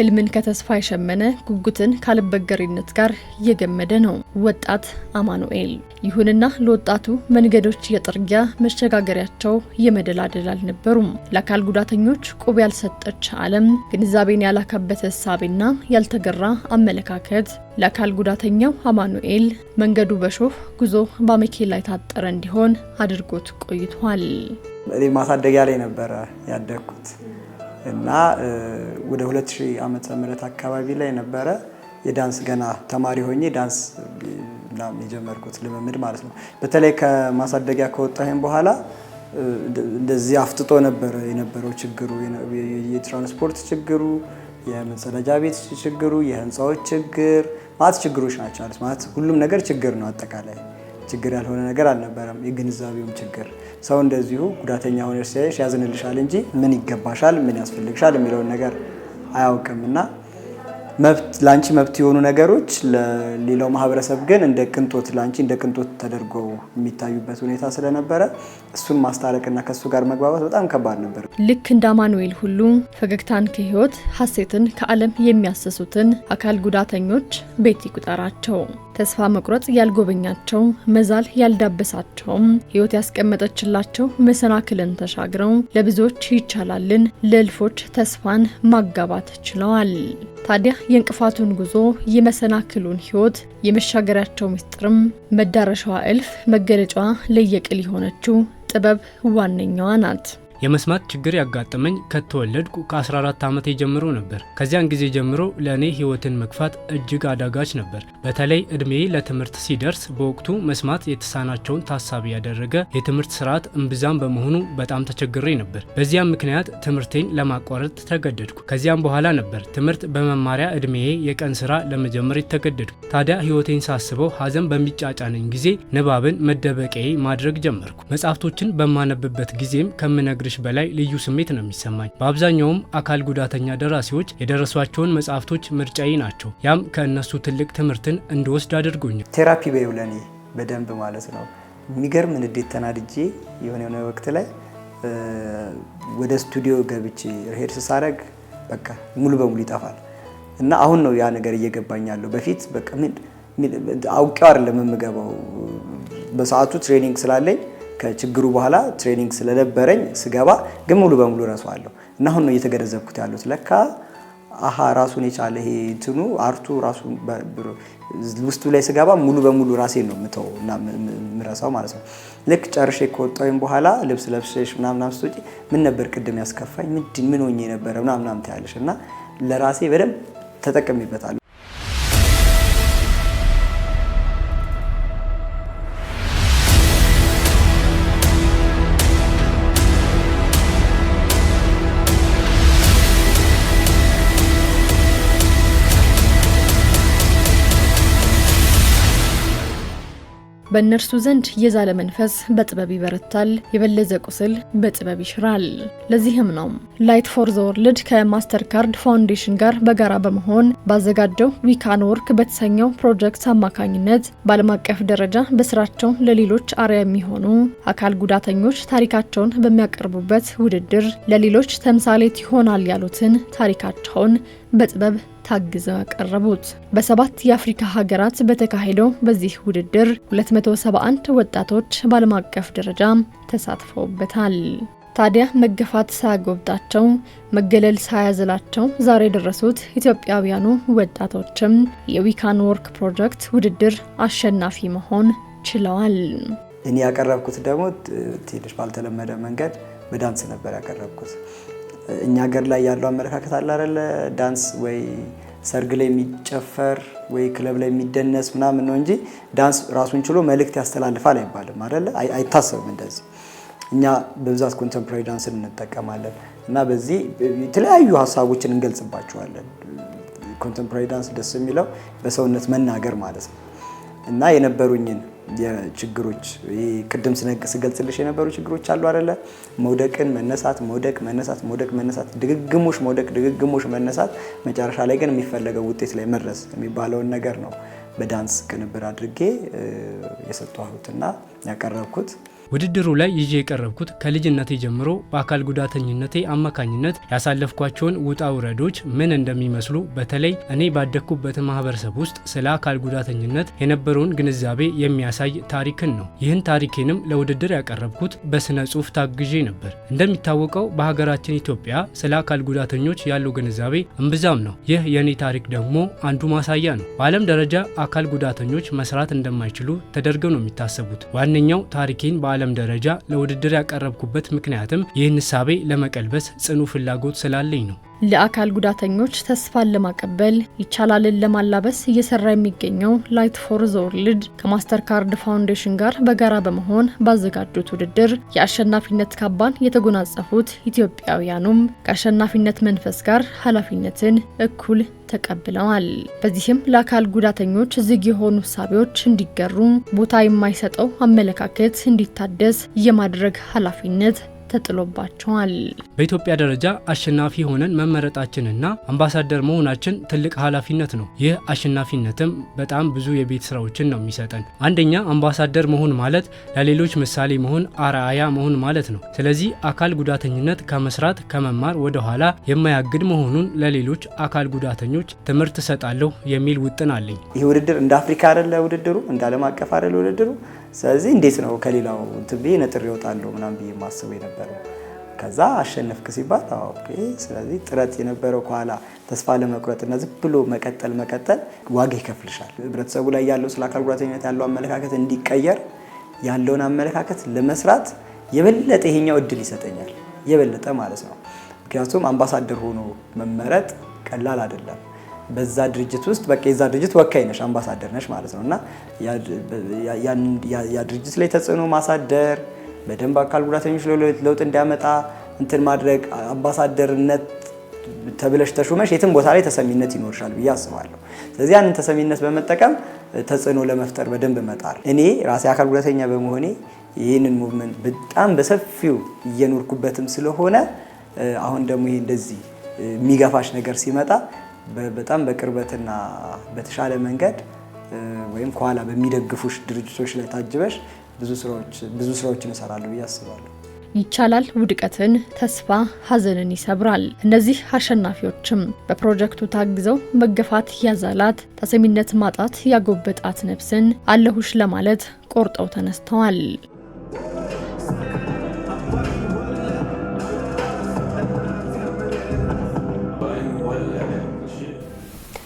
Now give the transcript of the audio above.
ህልምን ከተስፋ የሸመነ ጉጉትን ካልበገሪነት ጋር እየገመደ ነው ወጣት አማኑኤል። ይሁንና ለወጣቱ መንገዶች የጥርጊያ መሸጋገሪያቸው የመደላደል አልነበሩም። ለአካል ጉዳተኞች ቁብ ያልሰጠች ዓለም፣ ግንዛቤን ያላካበተ እሳቤና ያልተገራ አመለካከት ለአካል ጉዳተኛው አማኑኤል መንገዱ በሾህ ጉዞ በአሜኬላ የታጠረ እንዲሆን አድርጎት ቆይቷል። እኔ ማሳደጊያ ላይ ነበረ ያደግኩት እና ወደ 2000 ዓመተ ምህረት አካባቢ ላይ ነበረ የዳንስ ገና ተማሪ ሆኜ ዳንስ ምናምን የጀመርኩት ልምምድ ማለት ነው። በተለይ ከማሳደጊያ ከወጣሁኝ በኋላ እንደዚህ አፍጥጦ ነበረ የነበረው ችግሩ፣ የትራንስፖርት ችግሩ፣ የመጸዳጃ ቤት ችግሩ፣ የህንፃዎች ችግር ማለት ችግሮች ናቸው ማለት ሁሉም ነገር ችግር ነው አጠቃላይ ችግር ያልሆነ ነገር አልነበረም። የግንዛቤውም ችግር ሰው እንደዚሁ ጉዳተኛ ሆነ ሲያይሽ ያዝንልሻል እንጂ ምን ይገባሻል፣ ምን ያስፈልግሻል የሚለውን ነገር አያውቅም እና ለአንቺ መብት የሆኑ ነገሮች ለሌላው ማህበረሰብ ግን እንደ ቅንጦት ለአንቺ እንደ ቅንጦት ተደርጎ የሚታዩበት ሁኔታ ስለነበረ እሱን ማስታረቅና ከእሱ ጋር መግባባት በጣም ከባድ ነበር። ልክ እንደ አማኑኤል ሁሉ ፈገግታን ከህይወት ሀሴትን ከዓለም የሚያሰሱትን አካል ጉዳተኞች ቤት ይቁጠራቸው። ተስፋ መቁረጥ ያልጎበኛቸው መዛል ያልዳበሳቸውም ህይወት ያስቀመጠችላቸው መሰናክልን ተሻግረው ለብዙዎች ይቻላልን ለእልፎች ተስፋን ማጋባት ችለዋል። ታዲያ የእንቅፋቱን ጉዞ የመሰናክሉን ህይወት የመሻገሪያቸው ምስጢርም መዳረሻዋ እልፍ መገለጫዋ ለየቅል የሆነችው ጥበብ ዋነኛዋ ናት። የመስማት ችግር ያጋጠመኝ ከተወለድኩ ከ14 ዓመቴ ጀምሮ ነበር። ከዚያን ጊዜ ጀምሮ ለእኔ ህይወትን መግፋት እጅግ አዳጋች ነበር። በተለይ እድሜ ለትምህርት ሲደርስ በወቅቱ መስማት የተሳናቸውን ታሳቢ ያደረገ የትምህርት ስርዓት እምብዛም በመሆኑ በጣም ተቸግሬ ነበር። በዚያም ምክንያት ትምህርቴን ለማቋረጥ ተገደድኩ። ከዚያም በኋላ ነበር ትምህርት በመማሪያ እድሜዬ የቀን ስራ ለመጀመር የተገደድኩ። ታዲያ ህይወቴን ሳስበው ሀዘን በሚጫጫነኝ ጊዜ ንባብን መደበቂያዬ ማድረግ ጀመርኩ። መጽሐፍቶችን በማነብበት ጊዜም ከምነግር ከመናገርሽ በላይ ልዩ ስሜት ነው የሚሰማኝ። በአብዛኛውም አካል ጉዳተኛ ደራሲዎች የደረሷቸውን መጽሐፍቶች ምርጫዬ ናቸው። ያም ከእነሱ ትልቅ ትምህርትን እንድወስድ አድርጎኛል። ቴራፒ በይው ለኔ በደንብ ማለት ነው። የሚገርም ንዴት ተናድጄ የሆነ የሆነ ወቅት ላይ ወደ ስቱዲዮ ገብቼ ርሄድ ስሳረግ በቃ ሙሉ በሙሉ ይጠፋል እና አሁን ነው ያ ነገር እየገባኝ ያለው። በፊት አውቄው አይደለም የምገባው በሰዓቱ ትሬኒንግ ስላለኝ ከችግሩ በኋላ ትሬኒንግ ስለነበረኝ ስገባ ግን ሙሉ በሙሉ ረሳዋለሁ እና አሁን ነው እየተገነዘብኩት ያሉት ለካ አሀ ራሱን የቻለ ይሄ እንትኑ አርቱ ራሱ ውስጡ ላይ ስገባ ሙሉ በሙሉ ራሴ ነው ምተው እና ምረሳው ማለት ነው። ልክ ጨርሼ ከወጣሁኝ በኋላ ልብስ ለብሰሽ ምናምናም ስትወጪ ምን ነበር ቅድም ያስከፋኝ ምን ሆኜ ነበረ ምናምናም ትያለሽ እና ለራሴ በደንብ ተጠቅሜበታለሁ። በእነርሱ ዘንድ የዛለ መንፈስ በጥበብ ይበረታል፣ የበለዘ ቁስል በጥበብ ይሽራል። ለዚህም ነው ላይት ፎር ዘ ወርልድ ከማስተርካርድ ፋውንዴሽን ጋር በጋራ በመሆን ባዘጋጀው ዊካን ወርክ በተሰኘው ፕሮጀክት አማካኝነት በዓለም አቀፍ ደረጃ በስራቸው ለሌሎች አርያ የሚሆኑ አካል ጉዳተኞች ታሪካቸውን በሚያቀርቡበት ውድድር ለሌሎች ተምሳሌት ይሆናል ያሉትን ታሪካቸውን በጥበብ ታግዘው ያቀረቡት። በሰባት የአፍሪካ ሀገራት በተካሄደው በዚህ ውድድር 271 ወጣቶች በዓለም አቀፍ ደረጃ ተሳትፈውበታል። ታዲያ መገፋት ሳያጎብጣቸው መገለል ሳያዝላቸው ዛሬ የደረሱት ኢትዮጵያውያኑ ወጣቶችም የዊካን ወርክ ፕሮጀክት ውድድር አሸናፊ መሆን ችለዋል። እኔ ያቀረብኩት ደግሞ ትንሽ ባልተለመደ መንገድ በዳንስ ነበር ያቀረብኩት። እኛ ሀገር ላይ ያለው አመለካከት አለ አይደለ? ዳንስ ወይ ሰርግ ላይ የሚጨፈር ወይ ክለብ ላይ የሚደነስ ምናምን ነው እንጂ ዳንስ ራሱን ችሎ መልእክት ያስተላልፋል አይባልም አይደለ? አይታሰብም እንደዚህ። እኛ በብዛት ኮንተምፖራሪ ዳንስን እንጠቀማለን እና በዚህ የተለያዩ ሀሳቦችን እንገልጽባቸዋለን። ኮንተምፖራሪ ዳንስ ደስ የሚለው በሰውነት መናገር ማለት ነው እና የነበሩኝን ችግሮች ቅድም ስገልጽልሽ የነበሩ ችግሮች አሉ አደለ? መውደቅን መነሳት፣ መውደቅ መነሳት፣ መውደቅ መነሳት፣ ድግግሞሽ መውደቅ፣ ድግግሞሽ መነሳት፣ መጨረሻ ላይ ግን የሚፈለገው ውጤት ላይ መድረስ የሚባለውን ነገር ነው በዳንስ ቅንብር አድርጌ የሰጠሁትና ያቀረብኩት። ውድድሩ ላይ ይዤ የቀረብኩት ከልጅነቴ ጀምሮ በአካል ጉዳተኝነቴ አማካኝነት ያሳለፍኳቸውን ውጣ ውረዶች ምን እንደሚመስሉ በተለይ እኔ ባደግኩበት ማህበረሰብ ውስጥ ስለ አካል ጉዳተኝነት የነበረውን ግንዛቤ የሚያሳይ ታሪክን ነው። ይህን ታሪኬንም ለውድድር ያቀረብኩት በስነ ጽሁፍ ታግዤ ነበር። እንደሚታወቀው በሀገራችን ኢትዮጵያ ስለ አካል ጉዳተኞች ያለው ግንዛቤ እምብዛም ነው። ይህ የእኔ ታሪክ ደግሞ አንዱ ማሳያ ነው። በዓለም ደረጃ አካል ጉዳተኞች መስራት እንደማይችሉ ተደርገው ነው የሚታሰቡት። ዋነኛው ታሪኬን በ በዓለም ደረጃ ለውድድር ያቀረብኩበት ምክንያትም ይህን እሳቤ ለመቀልበስ ጽኑ ፍላጎት ስላለኝ ነው። ለአካል ጉዳተኞች ተስፋን ለማቀበል ይቻላልን ለማላበስ እየሰራ የሚገኘው ላይት ፎር ዘወርልድ ከማስተር ካርድ ፋውንዴሽን ጋር በጋራ በመሆን ባዘጋጁት ውድድር የአሸናፊነት ካባን የተጎናጸፉት ኢትዮጵያውያኑም ከአሸናፊነት መንፈስ ጋር ኃላፊነትን እኩል ተቀብለዋል። በዚህም ለአካል ጉዳተኞች ዝግ የሆኑ ሳቢዎች እንዲገሩ፣ ቦታ የማይሰጠው አመለካከት እንዲታደስ የማድረግ ኃላፊነት ተጥሎባቸዋል። በኢትዮጵያ ደረጃ አሸናፊ ሆነን መመረጣችንና አምባሳደር መሆናችን ትልቅ ኃላፊነት ነው። ይህ አሸናፊነትም በጣም ብዙ የቤት ስራዎችን ነው የሚሰጠን። አንደኛ አምባሳደር መሆን ማለት ለሌሎች ምሳሌ መሆን፣ አርአያ መሆን ማለት ነው። ስለዚህ አካል ጉዳተኝነት ከመስራት ከመማር ወደኋላ የማያግድ መሆኑን ለሌሎች አካል ጉዳተኞች ትምህርት እሰጣለሁ የሚል ውጥን አለኝ። ይህ ውድድር እንደ አፍሪካ አይደለ ውድድሩ እንደ ዓለም አቀፍ አይደለ ውድድሩ ስለዚህ እንዴት ነው ከሌላው እንትን ብዬ ነጥር ይወጣለሁ ምናምን ብዬ ማስበው የነበረው ከዛ አሸነፍክ ሲባል ኦኬ። ስለዚህ ጥረት የነበረው ከኋላ ተስፋ ለመቁረጥ እና ዝም ብሎ መቀጠል መቀጠል ዋጋ ይከፍልሻል። ህብረተሰቡ ላይ ያለው ስለ አካል ጉዳተኝነት ያለው አመለካከት እንዲቀየር ያለውን አመለካከት ለመስራት የበለጠ ይሄኛው እድል ይሰጠኛል፣ የበለጠ ማለት ነው። ምክንያቱም አምባሳደር ሆኖ መመረጥ ቀላል አይደለም። በዛ ድርጅት ውስጥ በቃ የዛ ድርጅት ወካይ ነሽ፣ አምባሳደር ነሽ ማለት ነው እና ያ ድርጅት ላይ ተጽዕኖ ማሳደር በደንብ አካል ጉዳተኞች ለውጥ እንዲያመጣ እንትን ማድረግ አምባሳደርነት ተብለሽ ተሹመሽ የትም ቦታ ላይ ተሰሚነት ይኖርሻል ብዬ አስባለሁ። ስለዚህ ያንን ተሰሚነት በመጠቀም ተጽዕኖ ለመፍጠር በደንብ መጣር። እኔ ራሴ አካል ጉዳተኛ በመሆኔ ይህንን ሙቭመንት በጣም በሰፊው እየኖርኩበትም ስለሆነ አሁን ደግሞ ይሄ እንደዚህ የሚገፋሽ ነገር ሲመጣ በጣም በቅርበትና በተሻለ መንገድ ወይም ከኋላ በሚደግፉሽ ድርጅቶች ላይ ታጅበሽ ብዙ ስራዎችን እሰራለሁ ብዬ አስባለሁ። ይቻላል ውድቀትን፣ ተስፋ፣ ሀዘንን ይሰብራል። እነዚህ አሸናፊዎችም በፕሮጀክቱ ታግዘው መገፋት ያዛላት፣ ተሰሚነት ማጣት ያጎበጣት ነፍስን አለሁሽ ለማለት ቆርጠው ተነስተዋል።